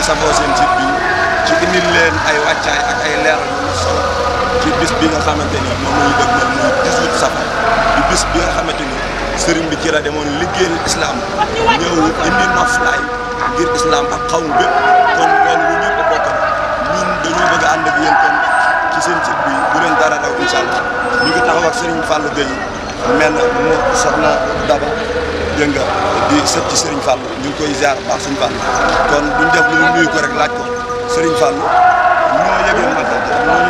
sa safoo seen site bi ci indil ay wàccaay ak ay leeral yu ñu ci bis bi nga xamante ni moom la ñu nag muy 18 safar di bis bi nga xamante ni sëriñ bi ci la demoon liggéeyal islam ñëw indi noflaay ngir islam ak xaw bépp kon loolu lu ñëpp bokk na ñun dañoo bëgg a ànd ak yéen kon ci seen site bi bu leen dara daw incha allah ñu ngi taxaw ak sëriñ Fallou mel na soxna Daba. dégg nga di sët ci Serigne Fall ñu ngi koy ziar baax Serigne Fall kon duñ def lu nuyu ko rek laaj ko Serigne Fall ñoo yëgee magal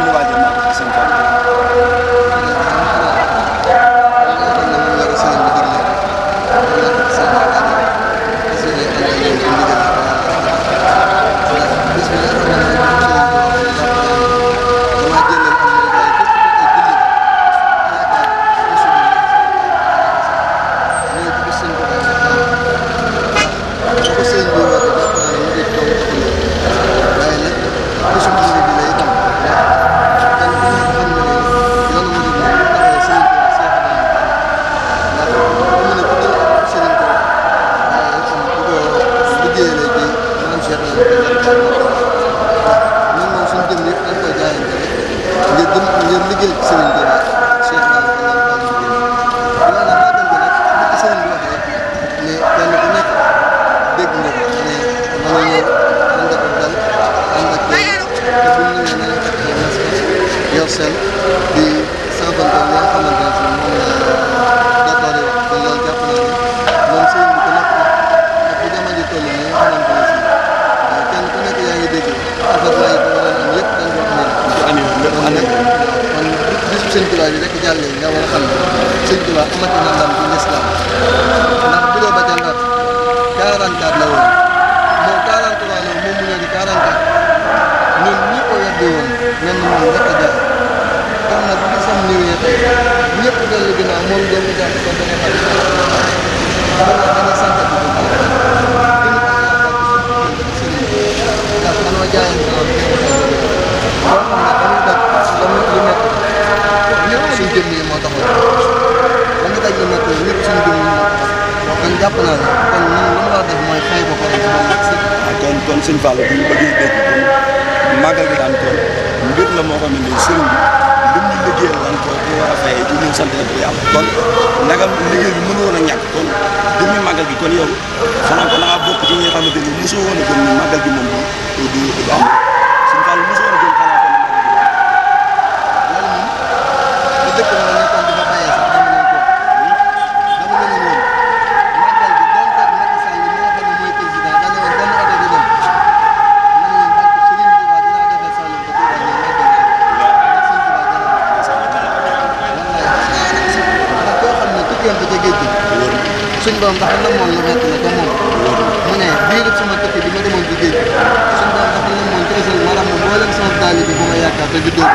ñëpp dellu ginnaaw moom doon ko jàpp kon da nga xam dana sant bi ndax manoo jaayante loolu kon xam ne dañu daj dañu lu nekk ñëpp suñ jëm yi moo taxoon dañu daj lu nekk ñëpp suñ jëm yi moo taxoon kon jàpp naa ne kon ñun li ma war a def mooy fay ba pare kon kon sëñ Fallou bu ñu bëggee dégg màggal gi daan toll mbir la moo xam ne sëriñ bi liggéeyal lan ko bu war a fayee ci ñun sant la ko yàlla kon ndagam liggéey bi mënu woon a ñàkk kon du muy màggal gi kon yow xanaa ko naa bokk ci ñi nga xamante ni mosoo woon a gëm ni màggal gi moom du du am borom ndax namoon la nekk na ba moom mu ne biirub sama tukki bi ma demoon liggéey bi suñu borom dafa namoon trésor maanaam moom moo leen sama taali bi ba ma yaakaar te juddoo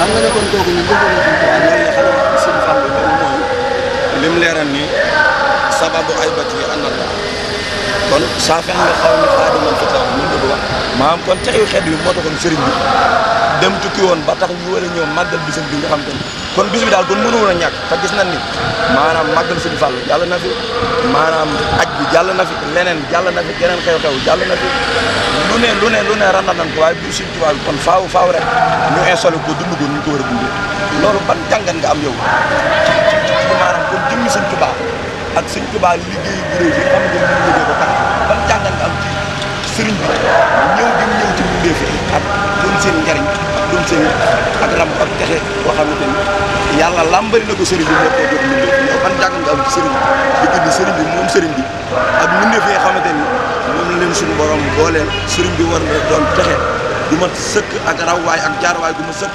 xam nga ne kon kooku ñun dëgg la li mu leeral nii sababu aybati an allah kon safi nga xawmi ni xaadimal taw ñu dugg wax am kon taxi xed yu moo taxoon serigne bi dem tukki won ba tax ñu wala ñëw magal bisam bi nga xam tan kon bis bi dal kon mënu wona ñak fa gis nañ ni manam magal serigne fàll yalla na fi maanaam aj bi yalla na fi leneen jàll na fi geneen xew-xew yalla na fi lu ne lu ne lu ne randal nañ ko waaye bu serigne tubaab kon faaw faaw rek ñu installé ko dundu ko ñu ko wara a lolu ban jàngan nga am yow ci ci kon jëmmi serigne tubaab ak sëñ Tuubaa liggéeyu bëree yi xam nga ñu liggéey ba tax ban jàngal nga am ci sëriñ bi ñëw gi mu ñëw ci mbindéef yi ak doon seen njariñ ak doon seen ak ram ak texe boo xamante ni yàlla làmbari na ko sëriñ bi moo ko jox mbindéef yow ban jàngal nga am ci sëriñ bi diggante sëriñ bi moom sëriñ bi ak mbindéef yi xamante ni moom la leen suñu borom booleel sëriñ bi war na doon texe du ma sëkk ak rawwaay ak jaarwaay du ma sëkk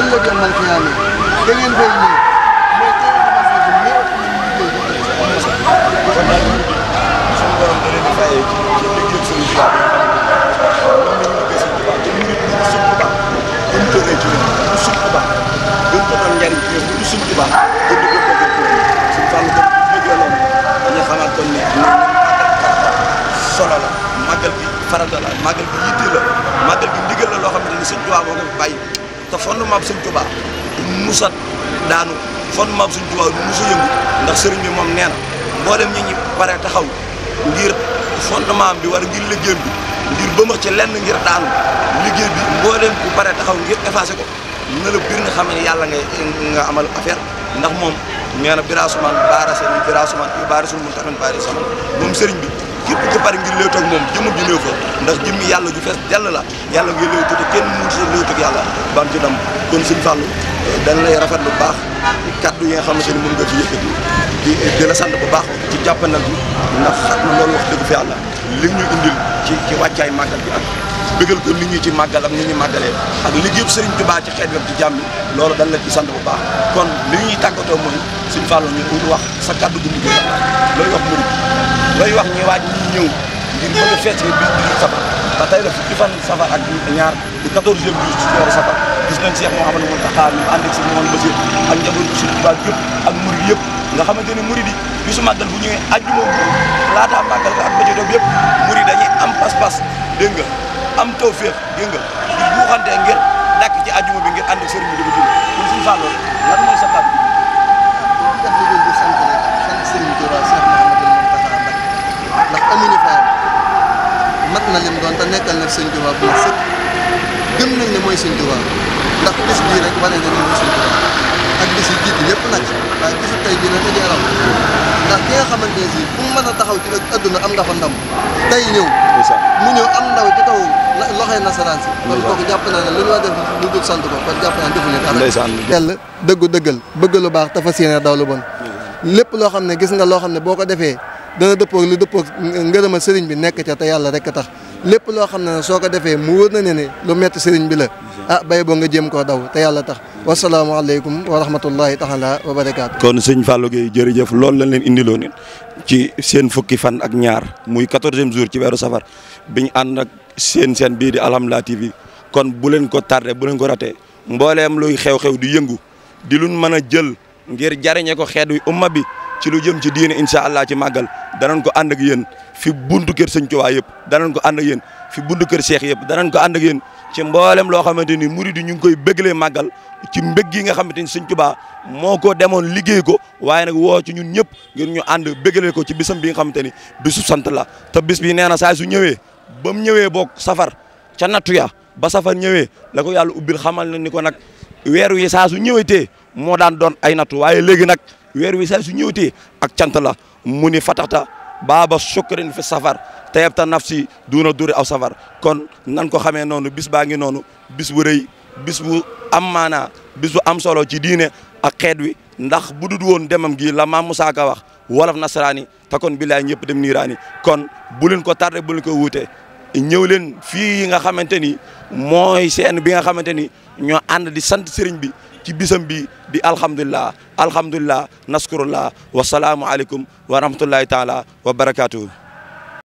ëllëg yoon man xiyaame da ngeen fay ñëw bi ñëpp ñu bi farata la bi ndigal la loo xam ni suñu tubaab moo ko bàyyi te fondement bi Sëriñ Tuubaa du musa daanu fondement bi Sëriñ Tuubaa du musa yëngu ndax sëriñ bi moom nee na mboolem ñi ñi pare taxaw ngir fondement am bi war ngir liggéey bi ngir bëma ci lenn ngir daanu liggéey bi mboolem bu pare taxaw ngir effacé ko na la bir nga xam ne yàlla ngay nga amal affaire ndax moom nee na birasuman baara seen birasuman bi baari suñ mun tamen baari saman moom sëriñ bi képp ci bari ngir léewtoog moom jëmm ju néew fa ndax jëmmi yàlla ju fees dell la yàlla ngay léewtoo te kenn mënut sa léewtoog yàlla ban ci dam kon suñ fàllu rafet lu baax kàddu yi nga xamante ni mën nga ci di gën a bu baax ci jàppanal bi ndax xat na yàlla li ñu indil ci ci wàccaay màggal bi ak bëggal ko nit ñi ci màggal ak nit màggalee ak liggéeyub Sëriñ Tuubaa ci xeet web ci jàmm yi loolu dañ la ci sant bu baax kon li ñuy tàggatoo mooy suñ fàllu ñu wax sa kàddu gu mujj looy wax murid looy wax ñi waaj ñi ñëw ngir mën a fees bi biir safar te tey la fukki fan safar ak ñaar di quatorzième jour ci weeru safar gis nañ Cheikh Mouhamadou Mountakha mi ànd ak si moom Basiir ak njaboot bi suñu tubaab yëpp ak murid yëpp nga xamante ne murid yi bisu màggal bu ñëwee ajjuma laataa màggal ak ba ci toog yëpp murid dañuy am pas-pas dégg nga am tawféex dégg nga di buuxante ngir dàkk ci ajjuma bi ngir ànd ak sëriñ bi di ko dund nekkal nag sëñ bu ma sëkk gëm ne mooy sëñ ndax bis bii rek wane na ne mooy sëñ ak bis yi jiitu yëpp nag waaye bisu tey bii nag ndax ki nga fu mu mën taxaw ci adduna am nga fa ndam tey ñëw mu ñëw am ndaw ci kaw loxoy nasaraan si kon kooku jàpp naa ne lu ñu war def lu dul sant ko kon jàpp naa defu leen yàlla dëggu dëggal bëgg lu baax dafa séene daw lu bon lépp loo xam ne gis nga loo xam ne boo ko defee dana dëppoo lu dëppoo ngërëma sëriñ bi nekk ca te yàlla rek tax lépp loo xam ne soo ko defee mu wër na ne ne lu metti sëriñ bi la ah bay boo nga jéem koo daw te yàlla tax wasalaamaaleykum wa rahmatullahi taala wa barakaatu. kon sëñ Fallou Gueye jërëjëf loolu lañ leen indiloon ci seen fukki fan ak ñaar muy quatorzième jours ci weeru safar biñ ànd ak seen seen bii di Alhamdulillah TV kon bu leen ko tardé bu leen ko rate mbooleem luy xew-xew di yëngu di luñ mën a jël ngir jariñe ko xeet wi umma bi ci lu jëm ci diine incha allah ci da nañ ko and ak yeen fi buntu kër sëñ Tuubaa da nañ ko and ak yeen fi buntu kër Cheikh da nañ ko and ak yeen ci mbollem lo xamanteni ni ñu ngi koy magal màggal ci mbegg gi nga xamanteni ni sëñ moko demone liggéey ko waaye nak wo ci ñun ñëpp ngir ñu and ko ci bisam bi nga xamanteni bisu sante la te bis bi nee sa su ñëwé bam ñëwé bok safar ca natuya ba safar ñëwé la ko yalla ubbil xamal na ni ko nak wéru yi saa su ñëwee moo daan doon ay nattu waaye léegi nag weer wi saa su ñëwtee ak cant la mu ni fataxta baaba sukkarin fi safar tayabta nafsi duuna duri aw safar kon nan ko xamee noonu bis baa ngi noonu bis bu rëy bis bu am maanaa bis bu am solo ci diine ak xeet wi ndax bu dul woon demam gi la maam Musaa Ka wax wolof nasaraani te kon billaay ñëpp dem niiraani kon bu leen ko tardé bu leen ko wuutee ñëw leen fii nga xamante ni mooy seen bi nga xamante ni ño ànd di sant sëriñ bi ci bisam bi di alhamdulilah alhamdulilah naskurullah wasalaamualeykum wa rahmatullahi taala wa barakaatu.